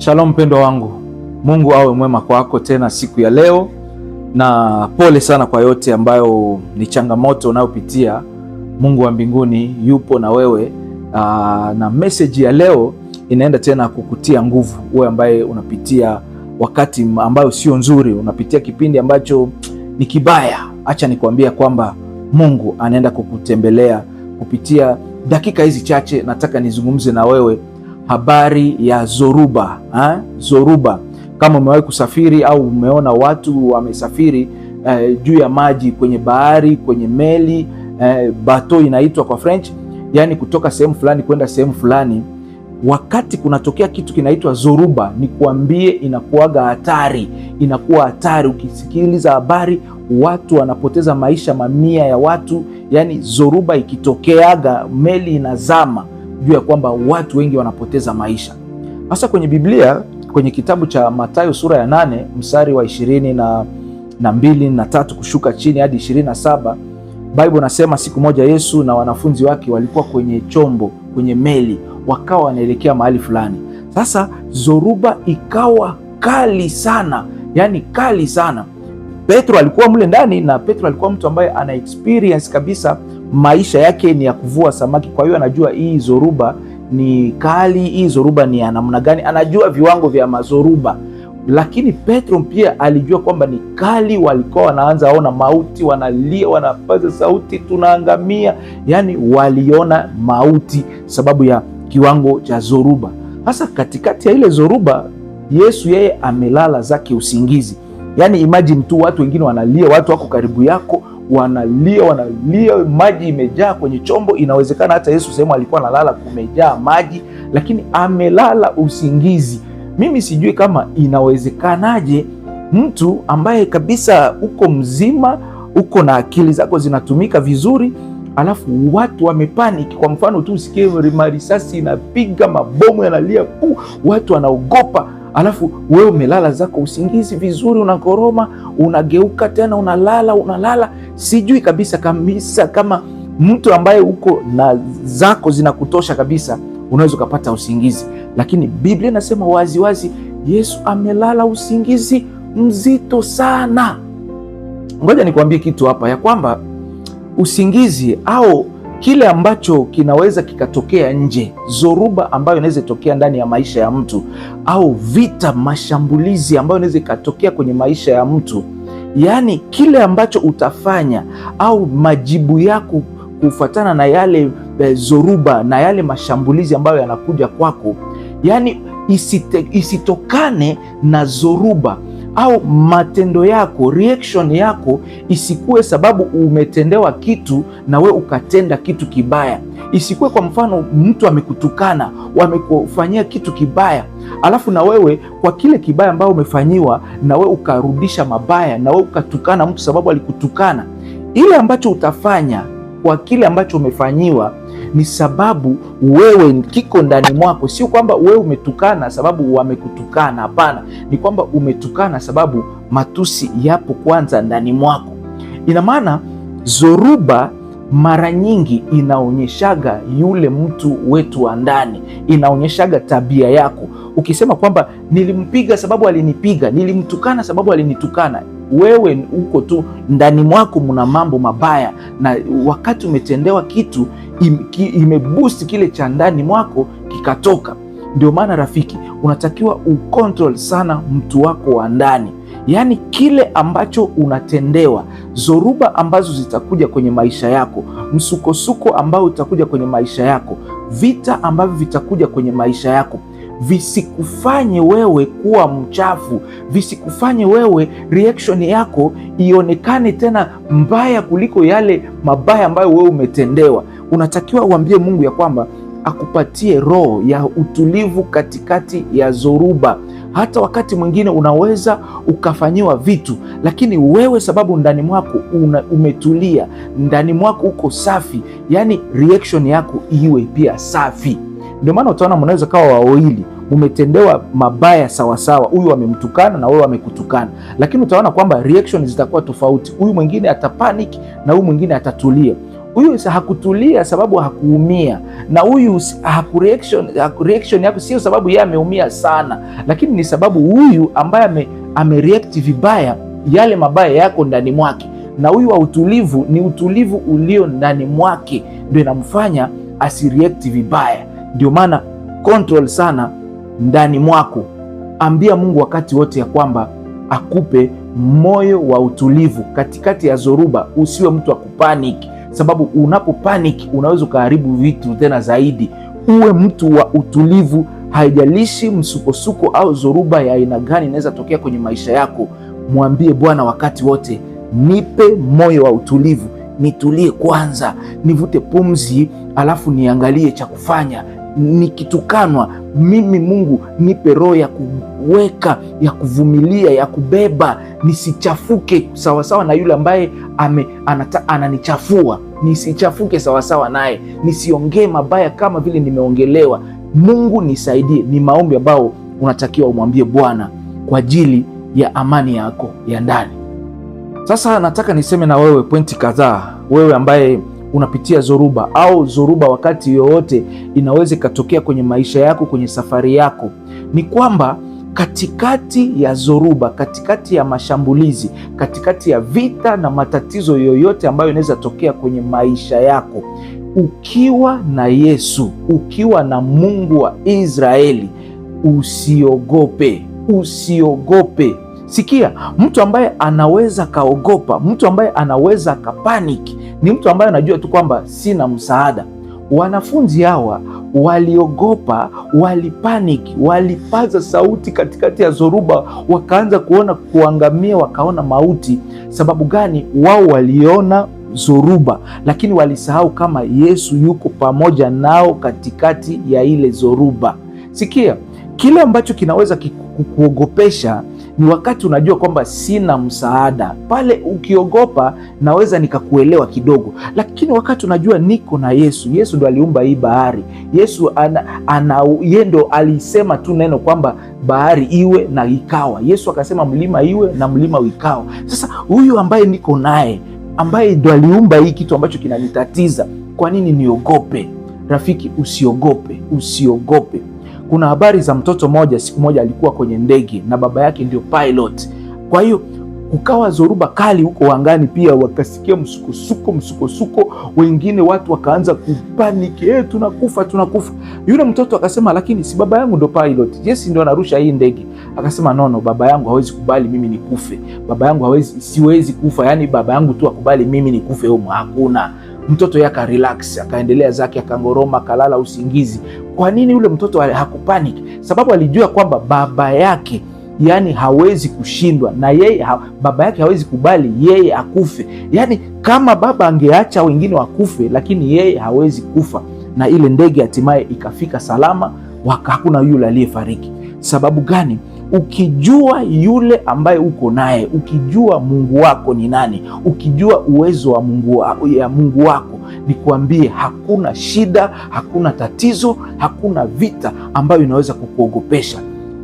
Shalom mpendwa wangu, Mungu awe mwema kwako tena siku ya leo, na pole sana kwa yote ambayo ni changamoto unayopitia. Mungu wa mbinguni yupo na wewe aa, na meseji ya leo inaenda tena kukutia nguvu wewe ambaye unapitia wakati ambayo sio nzuri, unapitia kipindi ambacho ni kibaya. Acha nikuambia kwamba Mungu anaenda kukutembelea kupitia dakika hizi chache. Nataka nizungumze na wewe habari ya Zoruba ha? Zoruba, kama umewahi kusafiri au umeona watu wamesafiri eh, juu ya maji kwenye bahari, kwenye meli eh, bato inaitwa kwa French, yani kutoka sehemu fulani kwenda sehemu fulani wakati kunatokea kitu kinaitwa zoruba, ni kuambie inakuaga hatari, inakuwa hatari. Ukisikiliza habari, watu wanapoteza maisha, mamia ya watu. Yani zoruba ikitokeaga, meli inazama juu ya kwamba watu wengi wanapoteza maisha. Hasa kwenye Biblia, kwenye kitabu cha Mathayo sura ya nane mstari wa ishirini na, na mbili na tatu kushuka chini hadi ishirini na saba Biblia nasema siku moja Yesu na wanafunzi wake walikuwa kwenye chombo, kwenye meli, wakawa wanaelekea mahali fulani. Sasa zoruba ikawa kali sana, yani kali sana. Petro alikuwa mle ndani, na Petro alikuwa mtu ambaye ana experience kabisa maisha yake ni ya kuvua samaki, kwa hiyo anajua hii zoruba ni kali, hii zoruba ni ya namna gani, anajua viwango vya mazoruba. Lakini Petro pia alijua kwamba ni kali, walikuwa wanaanza ona mauti, wanalia, wanapaza sauti, tunaangamia. yani waliona mauti sababu ya kiwango cha zoruba. Hasa katikati ya ile zoruba, Yesu yeye amelala zake usingizi. Yaani imagine tu, watu wengine wanalia, watu wako karibu yako wanalia wanalia, maji imejaa kwenye chombo. Inawezekana hata Yesu sehemu alikuwa analala kumejaa maji, lakini amelala usingizi. Mimi sijui kama inawezekanaje mtu ambaye kabisa uko mzima, uko na akili zako zinatumika vizuri, alafu watu wamepaniki. Kwa mfano tu usikie risasi inapiga, mabomu yanalia, ku watu wanaogopa alafu wewe umelala zako usingizi vizuri, unakoroma, unageuka tena unalala, unalala. Sijui kabisa kabisa kama mtu ambaye uko na zako zinakutosha kabisa, unaweza ukapata usingizi, lakini Biblia inasema waziwazi Yesu amelala usingizi mzito sana. Ngoja nikuambie kitu hapa ya kwamba usingizi au kile ambacho kinaweza kikatokea nje, zoruba ambayo inaweza tokea ndani ya maisha ya mtu, au vita, mashambulizi ambayo inaweza ikatokea kwenye maisha ya mtu, yaani kile ambacho utafanya au majibu yako kufuatana na yale e, zoruba na yale mashambulizi ambayo yanakuja kwako, yaani isite, isitokane na zoruba au matendo yako, reaction yako isikuwe sababu umetendewa kitu na we ukatenda kitu kibaya. Isikuwe kwa mfano mtu amekutukana, wamekufanyia kitu kibaya, alafu na wewe kwa kile kibaya ambayo umefanyiwa, na we ukarudisha mabaya, na we ukatukana mtu sababu alikutukana. Ile ambacho utafanya kwa kile ambacho umefanyiwa ni sababu wewe kiko ndani mwako. Sio kwamba wewe umetukana sababu wamekutukana, hapana. Ni kwamba umetukana sababu matusi yapo kwanza ndani mwako. Ina maana Zoruba mara nyingi inaonyeshaga yule mtu wetu wa ndani, inaonyeshaga tabia yako. Ukisema kwamba nilimpiga sababu alinipiga, nilimtukana sababu alinitukana, wewe uko tu ndani mwako mna mambo mabaya, na wakati umetendewa kitu im, ki, imebusti kile cha ndani mwako kikatoka. Ndio maana rafiki, unatakiwa ukontrol sana mtu wako wa ndani yaani kile ambacho unatendewa, zoruba ambazo zitakuja kwenye maisha yako, msukosuko ambao utakuja kwenye maisha yako, vita ambavyo vitakuja kwenye maisha yako visikufanye wewe kuwa mchafu, visikufanye wewe reaction yako ionekane tena mbaya kuliko yale mabaya ambayo wewe umetendewa. Unatakiwa uambie Mungu ya kwamba akupatie roho ya utulivu katikati ya zoruba. Hata wakati mwingine unaweza ukafanyiwa vitu, lakini wewe, sababu ndani mwako una, umetulia, ndani mwako uko safi, yani reaction yako iwe pia safi. Ndio maana utaona mnaweza kawa wawili mumetendewa mabaya sawasawa, huyu amemtukana na wewe amekutukana, lakini utaona kwamba reaction zitakuwa tofauti. Huyu mwingine atapanic na huyu mwingine atatulia huyu hakutulia sababu hakuumia, na huyu hakureaction, reaction yako sio sababu yeye ameumia sana, lakini ni sababu huyu ambaye ame, amereact vibaya yale mabaya yako ndani mwake, na huyu wa utulivu ni utulivu ulio ndani mwake ndio inamfanya asireact vibaya. Ndio maana control sana ndani mwako, ambia Mungu wakati wote ya kwamba akupe moyo wa utulivu katikati ya zoruba. Usiwe mtu wa sababu unapo panic unaweza ukaharibu vitu tena zaidi. Uwe mtu wa utulivu, haijalishi msukosuko au zoruba ya aina gani inaweza tokea kwenye maisha yako. Mwambie Bwana wakati wote, nipe moyo wa utulivu, nitulie kwanza, nivute pumzi, alafu niangalie cha kufanya. Nikitukanwa mimi, Mungu nipe roho ya kuweka, ya kuvumilia, ya kubeba, nisichafuke sawasawa na yule ambaye ame, anata, ananichafua nisichafuke sawasawa naye, nisiongee mabaya kama vile nimeongelewa. Mungu nisaidie, ni maombi ambayo unatakiwa umwambie Bwana kwa ajili ya amani yako ya ndani. Sasa nataka niseme na wewe pointi kadhaa, wewe ambaye unapitia zoruba au zoruba wakati yoyote inaweza ikatokea kwenye maisha yako, kwenye safari yako, ni kwamba katikati ya zoruba, katikati ya mashambulizi, katikati ya vita na matatizo yoyote ambayo inaweza tokea kwenye maisha yako, ukiwa na Yesu, ukiwa na Mungu wa Israeli, usiogope, usiogope. Sikia, mtu ambaye anaweza kaogopa, mtu ambaye anaweza kapaniki, ni mtu ambaye anajua tu kwamba sina msaada. Wanafunzi hawa waliogopa, walipanik walipaza sauti katikati ya zoruba, wakaanza kuona kuangamia, wakaona mauti. Sababu gani? Wao waliona zoruba lakini walisahau kama Yesu yuko pamoja nao katikati ya ile zoruba. Sikia, kile ambacho kinaweza kukuogopesha ni wakati unajua kwamba sina msaada pale. Ukiogopa naweza nikakuelewa kidogo, lakini wakati unajua niko na Yesu, Yesu ndo aliumba hii bahari, Yesu ana, ana ndo alisema tu neno kwamba bahari iwe na ikawa. Yesu akasema mlima iwe na mlima uikawa. Sasa huyu ambaye niko naye ambaye ndo aliumba hii kitu ambacho kinanitatiza, kwa nini niogope? Rafiki, usiogope, usiogope. Kuna habari za mtoto moja siku moja alikuwa kwenye ndege na baba yake ndio pilot. Kwa hiyo kukawa zoruba kali huko angani, pia wakasikia msukosuko, msukosuko, wengine watu wakaanza kupaniki, eh, tunakufa, tunakufa. Yule mtoto akasema, lakini si baba yangu ndo pilot, yesi ndo anarusha hii ndege. Akasema, nono, baba yangu hawezi kubali mimi nikufe, baba yangu hawezi, siwezi kufa, yani baba yangu tu akubali mimi nikufe, humo hakuna mtoto yaka relax, akaendelea zake, akangoroma, akalala usingizi. Kwa nini yule mtoto hakupanic? Sababu alijua kwamba baba yake yani hawezi kushindwa na yeye ha, baba yake hawezi kubali yeye akufe. Yani kama baba angeacha wengine wakufe, lakini yeye hawezi kufa, na ile ndege hatimaye ikafika salama, hakuna yule aliyefariki. Sababu gani? Ukijua yule ambaye uko naye, ukijua Mungu wako ni nani, ukijua uwezo wa Mungu, ya Mungu wako, kuambie hakuna shida, hakuna tatizo, hakuna vita ambayo inaweza kukuogopesha.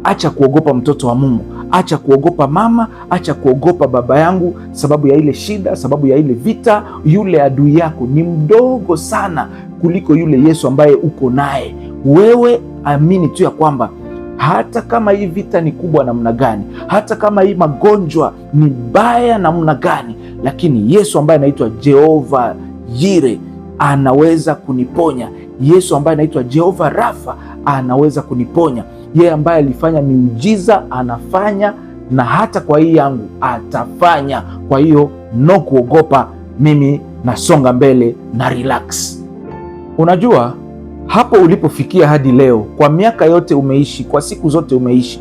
Acha kuogopa mtoto wa Mungu, acha kuogopa mama, acha kuogopa baba yangu, sababu ya ile shida, sababu ya ile vita. Yule adui yako ni mdogo sana kuliko yule Yesu ambaye uko naye. Wewe amini tu ya kwamba hata kama hii vita ni kubwa namna gani, hata kama hii magonjwa ni mbaya namna gani, lakini Yesu ambaye anaitwa Jehova Jire anaweza kuniponya. Yesu ambaye anaitwa Jehova Rafa anaweza kuniponya. Yeye ambaye alifanya miujiza anafanya na hata kwa hii yangu atafanya. Kwa hiyo no kuogopa, mimi nasonga mbele na relax. Unajua hapo ulipofikia hadi leo, kwa miaka yote umeishi, kwa siku zote umeishi,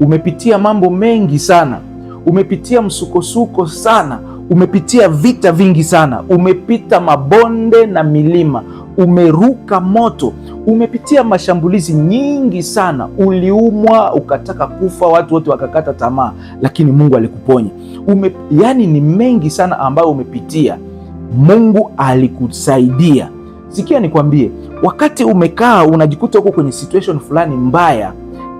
umepitia mambo mengi sana, umepitia msukosuko sana, umepitia vita vingi sana, umepita mabonde na milima, umeruka moto, umepitia mashambulizi nyingi sana, uliumwa ukataka kufa, watu wote wakakata tamaa, lakini Mungu alikuponya. Ume, yani ni mengi sana ambayo umepitia, Mungu alikusaidia. Sikia nikwambie, Wakati umekaa unajikuta huko kwenye situation fulani mbaya,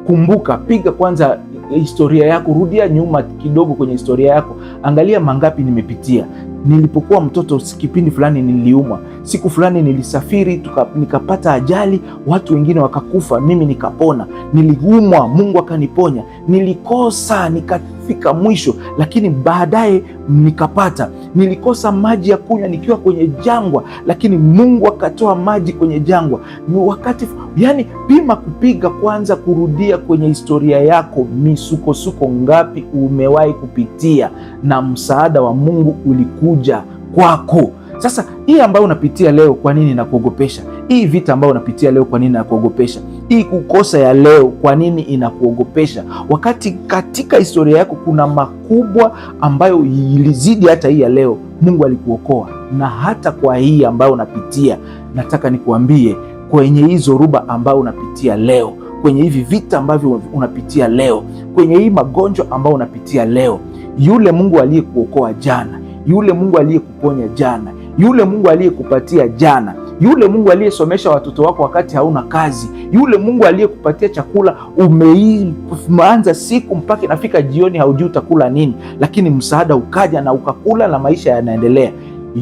kumbuka, piga kwanza historia yako, rudia nyuma kidogo kwenye historia yako, angalia mangapi nimepitia. Nilipokuwa mtoto, kipindi fulani niliumwa, siku fulani nilisafiri tuka, nikapata ajali, watu wengine wakakufa, mimi nikapona. Niliumwa, Mungu akaniponya. Nilikosa nika kufika mwisho, lakini baadaye nikapata. Nilikosa maji ya kunywa nikiwa kwenye jangwa, lakini Mungu akatoa maji kwenye jangwa. Ni wakati yani, pima kupiga kwanza, kurudia kwenye historia yako, misukosuko ngapi umewahi kupitia na msaada wa Mungu ulikuja kwako. Sasa hii ambayo unapitia leo, kwa nini inakuogopesha? Hii vita ambayo unapitia leo, kwa nini inakuogopesha? Hii kukosa ya leo, kwa nini inakuogopesha, wakati katika historia yako kuna makubwa ambayo ilizidi hata hii ya leo? Mungu alikuokoa na hata kwa hii ambayo unapitia, nataka nikuambie kwenye hii zoruba ambayo unapitia leo, kwenye hivi vita ambavyo unapitia leo, kwenye hii magonjwa ambayo unapitia leo, yule Mungu aliyekuokoa jana, yule Mungu aliyekuponya jana yule Mungu aliyekupatia jana, yule Mungu aliyesomesha watoto wako wakati hauna kazi, yule Mungu aliyekupatia chakula umeanza siku mpaka inafika jioni, haujui utakula nini, lakini msaada ukaja na ukakula na maisha yanaendelea.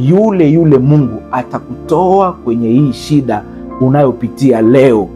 Yule yule Mungu atakutoa kwenye hii shida unayopitia leo,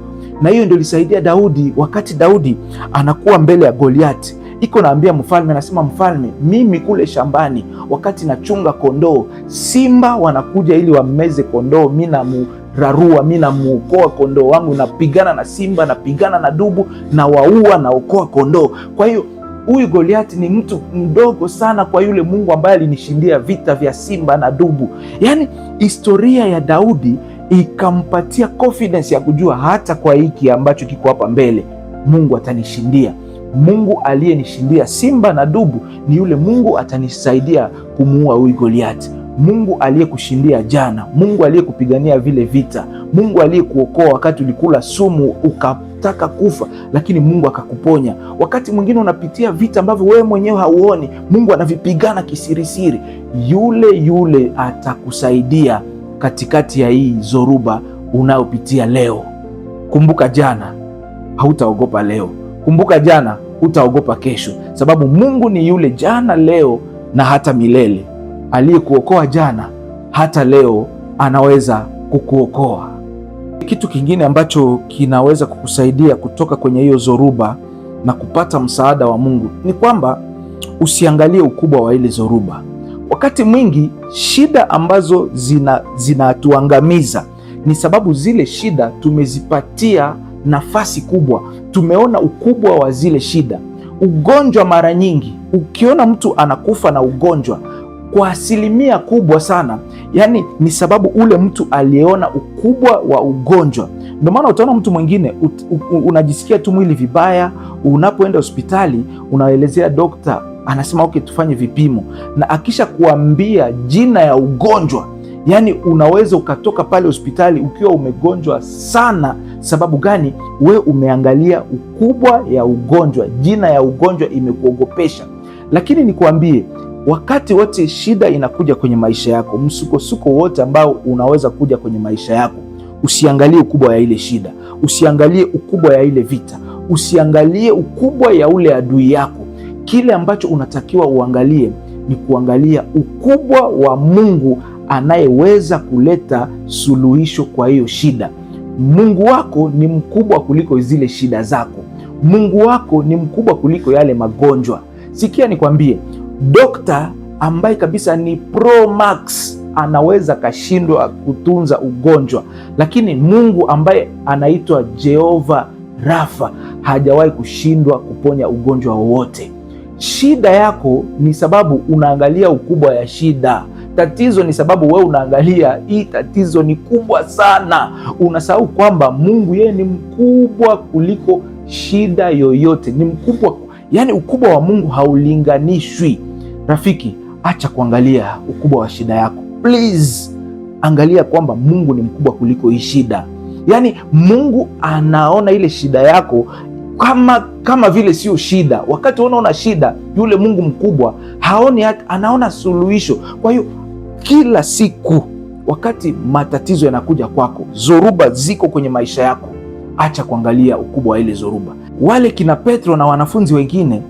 na hiyo ndio ilisaidia Daudi. Wakati Daudi anakuwa mbele ya Goliati, iko naambia mfalme, anasema mfalme, mimi kule shambani wakati nachunga kondoo, simba wanakuja ili wammeze kondoo, mi namrarua, mi namuokoa kondoo wangu, napigana na simba, napigana na dubu, na waua, naokoa kondoo. Kwa hiyo huyu Goliati ni mtu mdogo sana kwa yule Mungu ambaye alinishindia vita vya simba na dubu. Yaani historia ya Daudi ikampatia confidence ya kujua hata kwa hiki ambacho kiko hapa mbele Mungu atanishindia. Mungu aliyenishindia simba na dubu ni yule Mungu atanisaidia kumuua huyu Goliati. Mungu aliyekushindia jana, Mungu aliyekupigania vile vita, Mungu aliyekuokoa wakati ulikula sumu ukataka kufa, lakini Mungu akakuponya. Wakati mwingine unapitia vita ambavyo wewe mwenyewe hauoni, Mungu anavipigana kisirisiri. Yule yule atakusaidia katikati ya hii zoruba unayopitia leo. Kumbuka jana, hautaogopa leo. Kumbuka jana, hutaogopa kesho, sababu Mungu ni yule jana, leo na hata milele. Aliyekuokoa jana, hata leo anaweza kukuokoa. Kitu kingine ambacho kinaweza kukusaidia kutoka kwenye hiyo zoruba na kupata msaada wa Mungu ni kwamba usiangalie ukubwa wa ile zoruba. Wakati mwingi shida ambazo zinatuangamiza zina ni sababu zile shida tumezipatia nafasi kubwa. Tumeona ukubwa wa zile shida. Ugonjwa, mara nyingi ukiona mtu anakufa na ugonjwa kwa asilimia kubwa sana, yani ni sababu ule mtu aliyeona ukubwa wa ugonjwa. Ndio maana utaona mtu mwingine unajisikia tu mwili vibaya, unapoenda hospitali unaelezea dokta, anasema okay, tufanye vipimo, na akisha kuambia jina ya ugonjwa Yaani unaweza ukatoka pale hospitali ukiwa umegonjwa sana. Sababu gani? We umeangalia ukubwa ya ugonjwa, jina ya ugonjwa imekuogopesha. Lakini nikuambie, wakati wote shida inakuja kwenye maisha yako, msukosuko wote ambao unaweza kuja kwenye maisha yako, usiangalie ukubwa ya ile shida, usiangalie ukubwa ya ile vita, usiangalie ukubwa ya ule adui yako. Kile ambacho unatakiwa uangalie ni kuangalia ukubwa wa Mungu anayeweza kuleta suluhisho kwa hiyo shida. Mungu wako ni mkubwa kuliko zile shida zako. Mungu wako ni mkubwa kuliko yale magonjwa. Sikia nikwambie, dokta ambaye kabisa ni pro max anaweza kashindwa kutunza ugonjwa, lakini Mungu ambaye anaitwa Jehova Rafa hajawahi kushindwa kuponya ugonjwa wowote. Shida yako ni sababu unaangalia ukubwa ya shida. Tatizo ni sababu wewe unaangalia hii tatizo ni kubwa sana, unasahau kwamba Mungu yeye ni mkubwa kuliko shida yoyote, ni mkubwa. Yani ukubwa wa Mungu haulinganishwi. Rafiki, acha kuangalia ukubwa wa shida yako please, angalia kwamba Mungu ni mkubwa kuliko hii shida. Yani Mungu anaona ile shida yako kama kama vile sio shida. Wakati unaona shida, yule Mungu mkubwa haoni, anaona suluhisho. Kwa hiyo kila siku. Wakati matatizo yanakuja kwako, zoruba ziko kwenye maisha yako, acha kuangalia ukubwa wa ile zoruba. Wale kina Petro na wanafunzi wengine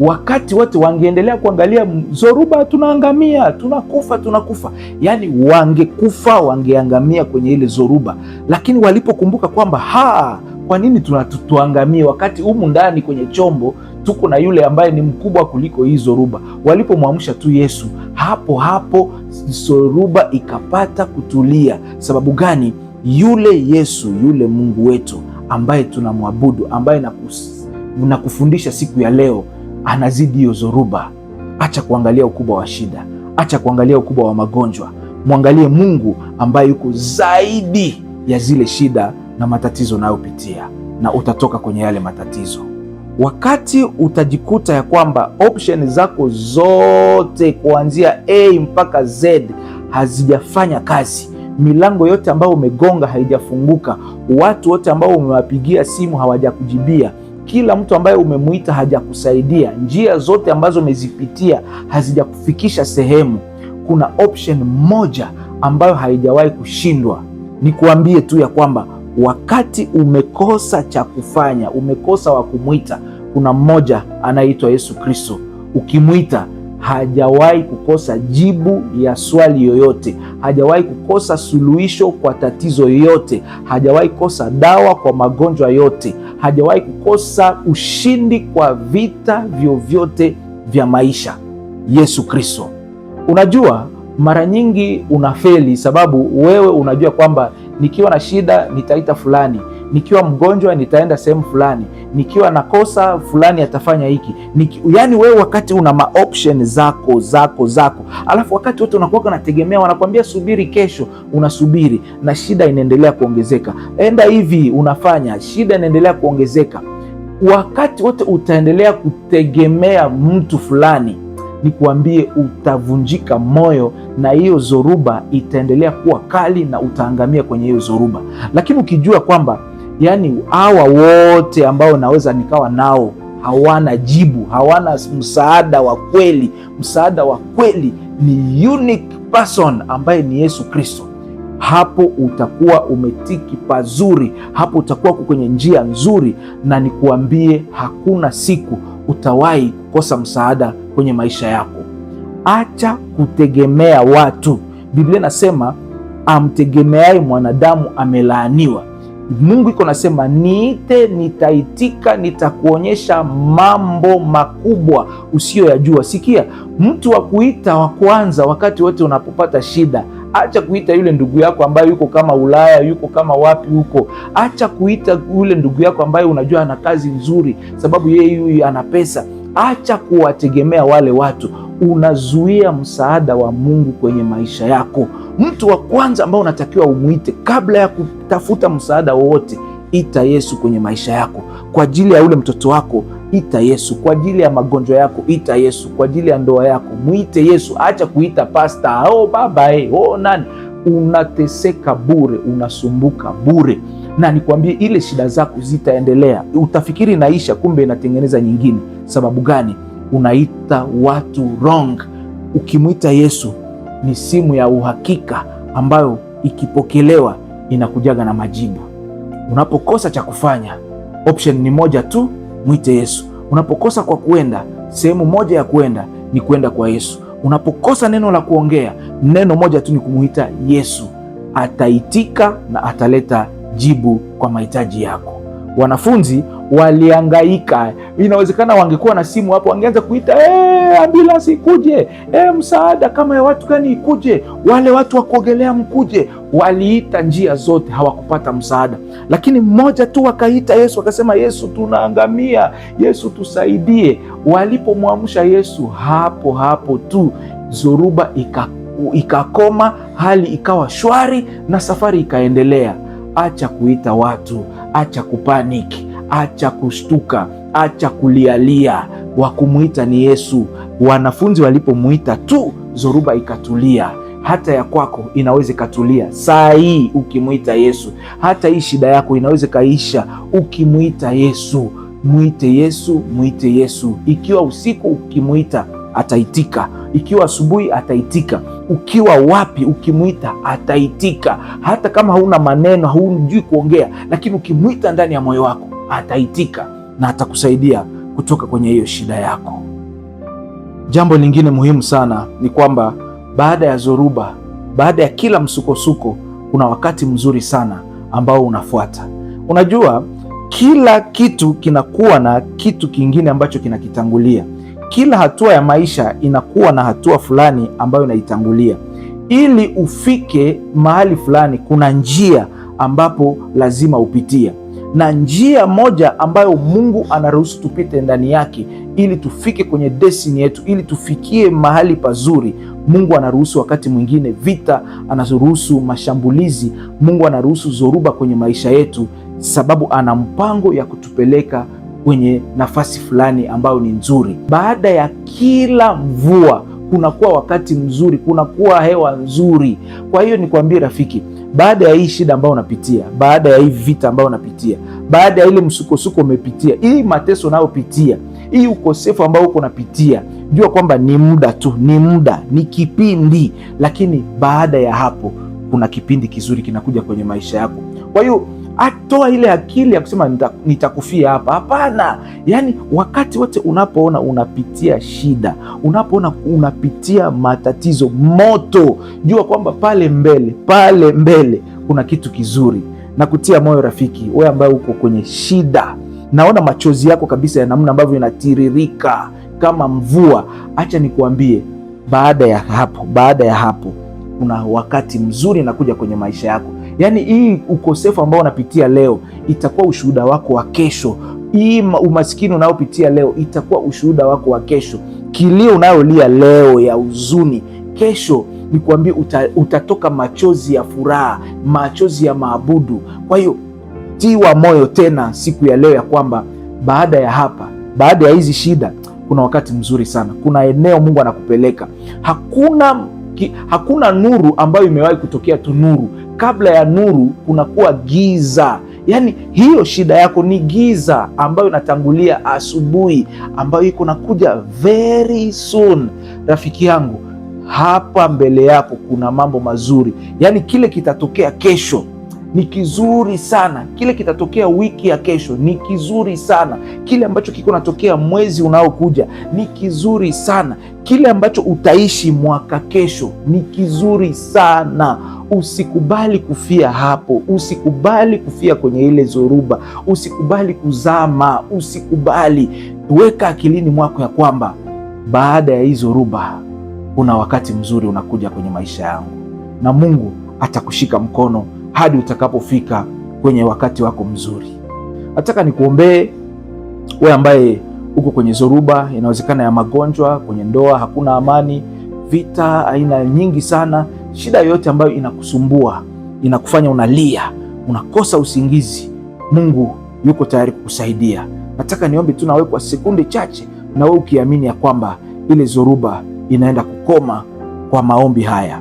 wakati wote wangeendelea kuangalia zoruba, tunaangamia, tunakufa, tunakufa, yaani wangekufa, wangeangamia kwenye ile zoruba, lakini walipokumbuka kwamba haa kwa nini tunatuangamie wakati humu ndani kwenye chombo tuko na yule ambaye ni mkubwa kuliko hii zoruba? Walipomwamsha tu Yesu, hapo hapo zoruba ikapata kutulia. Sababu gani? Yule Yesu, yule Mungu wetu ambaye tunamwabudu, ambaye nakufundisha siku ya leo, anazidi hiyo zoruba. Acha kuangalia ukubwa wa shida, acha kuangalia ukubwa wa magonjwa, mwangalie Mungu ambaye yuko zaidi ya zile shida na matatizo unayopitia na utatoka kwenye yale matatizo. Wakati utajikuta ya kwamba option zako zote kuanzia A mpaka Z hazijafanya kazi, milango yote ambayo umegonga haijafunguka, watu wote ambao umewapigia simu hawajakujibia kila mtu ambaye umemuita hajakusaidia, njia zote ambazo umezipitia hazijakufikisha sehemu, kuna option moja ambayo haijawahi kushindwa. Nikuambie tu ya kwamba wakati umekosa cha kufanya, umekosa wa kumwita, kuna mmoja anayeitwa Yesu Kristo. Ukimwita hajawahi kukosa jibu ya swali yoyote, hajawahi kukosa suluhisho kwa tatizo yoyote, hajawahi kukosa dawa kwa magonjwa yote, hajawahi kukosa ushindi kwa vita vyovyote vya maisha. Yesu Kristo. Unajua, mara nyingi unafeli sababu wewe unajua kwamba nikiwa na shida nitaita fulani, nikiwa mgonjwa nitaenda sehemu fulani, nikiwa na kosa fulani atafanya hiki Niki, yani wewe wakati una maoption zako zako zako, alafu wakati wote unakuwa unategemea, wanakuambia subiri kesho, unasubiri na shida inaendelea kuongezeka, enda hivi, unafanya shida inaendelea kuongezeka. Wakati wote utaendelea kutegemea mtu fulani nikuambie utavunjika moyo, na hiyo zoruba itaendelea kuwa kali na utaangamia kwenye hiyo zoruba. Lakini ukijua kwamba yani hawa wote ambao naweza nikawa nao hawana jibu, hawana msaada wa kweli. Msaada wa kweli ni unique person ambaye ni Yesu Kristo. Hapo utakuwa umetiki pazuri, hapo utakuwa kwenye njia nzuri, na nikuambie, hakuna siku utawahi kukosa msaada kwenye maisha yako. Acha kutegemea watu. Biblia nasema amtegemeaye mwanadamu amelaaniwa. Mungu iko nasema niite, nitaitika, nitakuonyesha mambo makubwa usiyoyajua. Sikia, mtu wa kuita wa kwanza wakati wote unapopata shida. Acha kuita yule ndugu yako ambaye yuko kama Ulaya, yuko kama wapi huko. Acha kuita yule ndugu yako ambaye unajua ana kazi nzuri, sababu yeye huyu ana pesa. Acha kuwategemea wale watu, unazuia msaada wa Mungu kwenye maisha yako. Mtu wa kwanza ambao unatakiwa umwite kabla ya kutafuta msaada wowote, ita Yesu kwenye maisha yako. Kwa ajili ya ule mtoto wako, ita Yesu. Kwa ajili ya magonjwa yako, ita Yesu. Kwa ajili ya ndoa yako, mwite Yesu. Acha kuita pasta, oh baba, eh, oh nani. Unateseka bure, unasumbuka bure na nikwambie, ile shida zako zitaendelea. Utafikiri inaisha, kumbe inatengeneza nyingine. Sababu gani? Unaita watu wrong. Ukimwita Yesu ni simu ya uhakika ambayo ikipokelewa inakujaga na majibu. Unapokosa cha kufanya, option ni moja tu, mwite Yesu. Unapokosa kwa kuenda, sehemu moja ya kuenda ni kuenda kwa Yesu. Unapokosa neno la kuongea, neno moja tu ni kumuita Yesu. Ataitika na ataleta jibu kwa mahitaji yako. Wanafunzi waliangaika, inawezekana wangekuwa na simu hapo, wangeanza kuita ee, eh, ambulansi ikuje, ee, msaada kama ya watu gani ikuje, wale watu wa kuogelea mkuje. Waliita njia zote, hawakupata msaada, lakini mmoja tu wakaita Yesu, akasema Yesu, tunaangamia, Yesu tusaidie. Walipomwamsha Yesu, hapo hapo tu zoruba ikakoma, hali ikawa shwari na safari ikaendelea. Acha kuita watu, acha kupaniki, acha kushtuka, acha kulialia. Wa kumwita ni Yesu. Wanafunzi walipomwita tu, zoruba ikatulia. Hata ya kwako inaweza ikatulia saa hii ukimwita Yesu. Hata hii shida yako inaweza ikaisha ukimwita Yesu. Mwite Yesu, mwite Yesu. Ikiwa usiku ukimwita ataitika, ikiwa asubuhi ataitika ukiwa wapi, ukimwita ataitika. Hata kama hauna maneno, haujui kuongea, lakini ukimwita ndani ya moyo wako ataitika na atakusaidia kutoka kwenye hiyo shida yako. Jambo lingine muhimu sana ni kwamba baada ya zoruba, baada ya kila msukosuko, kuna wakati mzuri sana ambao unafuata. Unajua, kila kitu kinakuwa na kitu kingine ambacho kinakitangulia kila hatua ya maisha inakuwa na hatua fulani ambayo inaitangulia. Ili ufike mahali fulani, kuna njia ambapo lazima upitia, na njia moja ambayo Mungu anaruhusu tupite ndani yake ili tufike kwenye destiny yetu, ili tufikie mahali pazuri. Mungu anaruhusu wakati mwingine vita, anaruhusu mashambulizi, Mungu anaruhusu zoruba kwenye maisha yetu, sababu ana mpango ya kutupeleka kwenye nafasi fulani ambayo ni nzuri. Baada ya kila mvua kunakuwa wakati mzuri, kunakuwa hewa nzuri. Kwa hiyo nikwambie rafiki, baada ya hii shida ambayo unapitia, baada ya hii vita ambayo unapitia, baada ya ile msukosuko umepitia, hii mateso unayopitia, hii ukosefu ambao uko unapitia, jua kwamba ni muda tu, ni muda, ni kipindi. Lakini baada ya hapo kuna kipindi kizuri kinakuja kwenye maisha yako. Kwa hiyo atoa ile akili ya kusema nitakufia hapa. Hapana, yani wakati wote unapoona unapitia shida, unapoona unapitia matatizo, moto, jua kwamba pale mbele, pale mbele kuna kitu kizuri. Na kutia moyo rafiki, wewe ambaye uko kwenye shida, naona machozi yako kabisa ya namna ambavyo inatiririka kama mvua. Acha nikuambie, baada ya hapo, baada ya hapo kuna wakati mzuri nakuja kwenye maisha yako. Yaani hii ukosefu ambao unapitia leo itakuwa ushuhuda wako wa kesho. Hii umaskini unaopitia leo itakuwa ushuhuda wako wa kesho. Kilio unayolia leo ya huzuni, kesho ni kuambia uta, utatoka machozi ya furaha, machozi ya maabudu. Kwa hiyo tiwa moyo tena siku ya leo ya kwamba baada ya hapa, baada ya hizi shida, kuna wakati mzuri sana, kuna eneo Mungu anakupeleka. Hakuna, hakuna nuru ambayo imewahi kutokea tu nuru kabla ya nuru kunakuwa giza. Yaani hiyo shida yako ni giza ambayo inatangulia asubuhi, ambayo iko nakuja very soon. Rafiki yangu, hapa mbele yako kuna mambo mazuri, yaani kile kitatokea kesho ni kizuri sana. Kile kitatokea wiki ya kesho ni kizuri sana. Kile ambacho kiko natokea mwezi unaokuja ni kizuri sana. Kile ambacho utaishi mwaka kesho ni kizuri sana. Usikubali kufia hapo, usikubali kufia kwenye ile zoruba, usikubali kuzama, usikubali. Weka akilini mwako ya kwamba baada ya hii zoruba kuna wakati mzuri unakuja kwenye maisha yangu, na Mungu atakushika mkono hadi utakapofika kwenye wakati wako mzuri. Nataka nikuombee wewe ambaye uko kwenye zoruba, inawezekana ya magonjwa, kwenye ndoa hakuna amani vita aina nyingi sana, shida yoyote ambayo inakusumbua inakufanya unalia, unakosa usingizi, Mungu yuko tayari kukusaidia. Nataka niombe tu nawe kwa sekunde chache, na wewe ukiamini ya kwamba ile zoruba inaenda kukoma kwa maombi haya.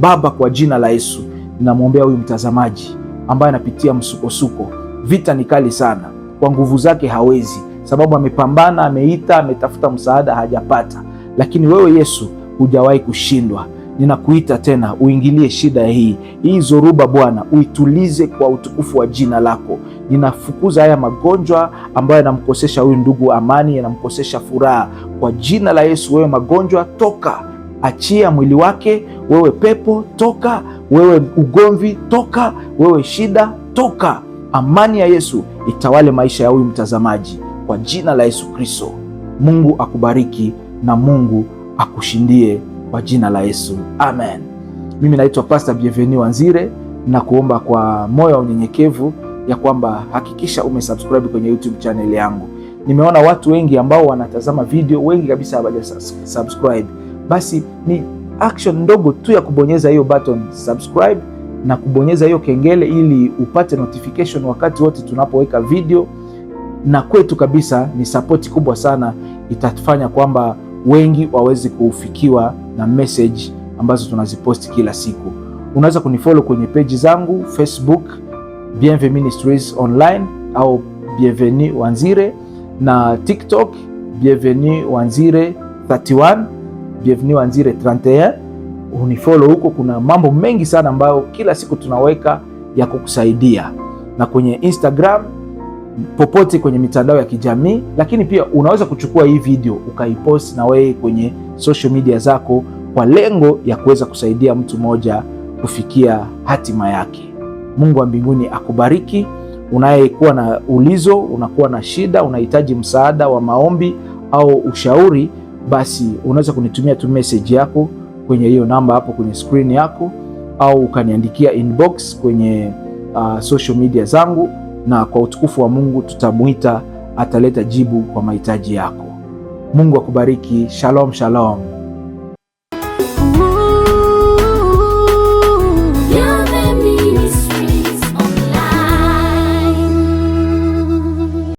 Baba, kwa jina la Yesu ninamwombea huyu mtazamaji ambaye anapitia msukosuko, vita ni kali sana, kwa nguvu zake hawezi, sababu amepambana, ameita, ametafuta msaada, hajapata. Lakini wewe Yesu hujawahi kushindwa. Ninakuita tena uingilie shida hii hii zoruba, Bwana, uitulize kwa utukufu wa jina lako. Ninafukuza haya magonjwa ambayo yanamkosesha huyu ndugu amani, yanamkosesha furaha kwa jina la Yesu. Wewe magonjwa toka, achia mwili wake. Wewe pepo toka, wewe ugomvi toka, wewe shida toka. Amani ya Yesu itawale maisha ya huyu mtazamaji kwa jina la Yesu Kristo. Mungu akubariki na Mungu akushindie kwa jina la Yesu, amen. Mimi naitwa Pastor Bienvenu Wanzire na kuomba kwa moyo wa unyenyekevu ya kwamba hakikisha umesubscribe kwenye YouTube channel yangu. Nimeona watu wengi ambao wanatazama video, wengi kabisa hawaja subscribe. Basi ni action ndogo tu ya kubonyeza hiyo button subscribe na kubonyeza hiyo kengele ili upate notification wakati wote tunapoweka video, na kwetu kabisa ni sapoti kubwa sana, itafanya kwamba wengi wawezi kufikiwa na message ambazo tunaziposti kila siku. Unaweza kunifollow kwenye peji zangu Facebook Bienvenue Ministries Online au Bienvenue Wanzire na TikTok Bienvenue Wanzire 31, Bienvenue Wanzire 31. Unifollow huko, kuna mambo mengi sana ambayo kila siku tunaweka ya kukusaidia, na kwenye Instagram popote kwenye mitandao ya kijamii, lakini pia unaweza kuchukua hii video ukaipost na wewe kwenye social media zako kwa lengo ya kuweza kusaidia mtu mmoja kufikia hatima yake. Mungu wa mbinguni akubariki. Unayekuwa na ulizo, unakuwa na shida, unahitaji msaada wa maombi au ushauri, basi unaweza kunitumia tu message yako kwenye hiyo namba hapo kwenye screen yako, au ukaniandikia inbox kwenye uh, social media zangu na kwa utukufu wa Mungu tutamuita, ataleta jibu kwa mahitaji yako. Mungu akubariki. Shalom, shalom.